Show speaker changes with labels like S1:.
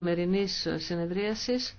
S1: σημερινής συνεδρίασης.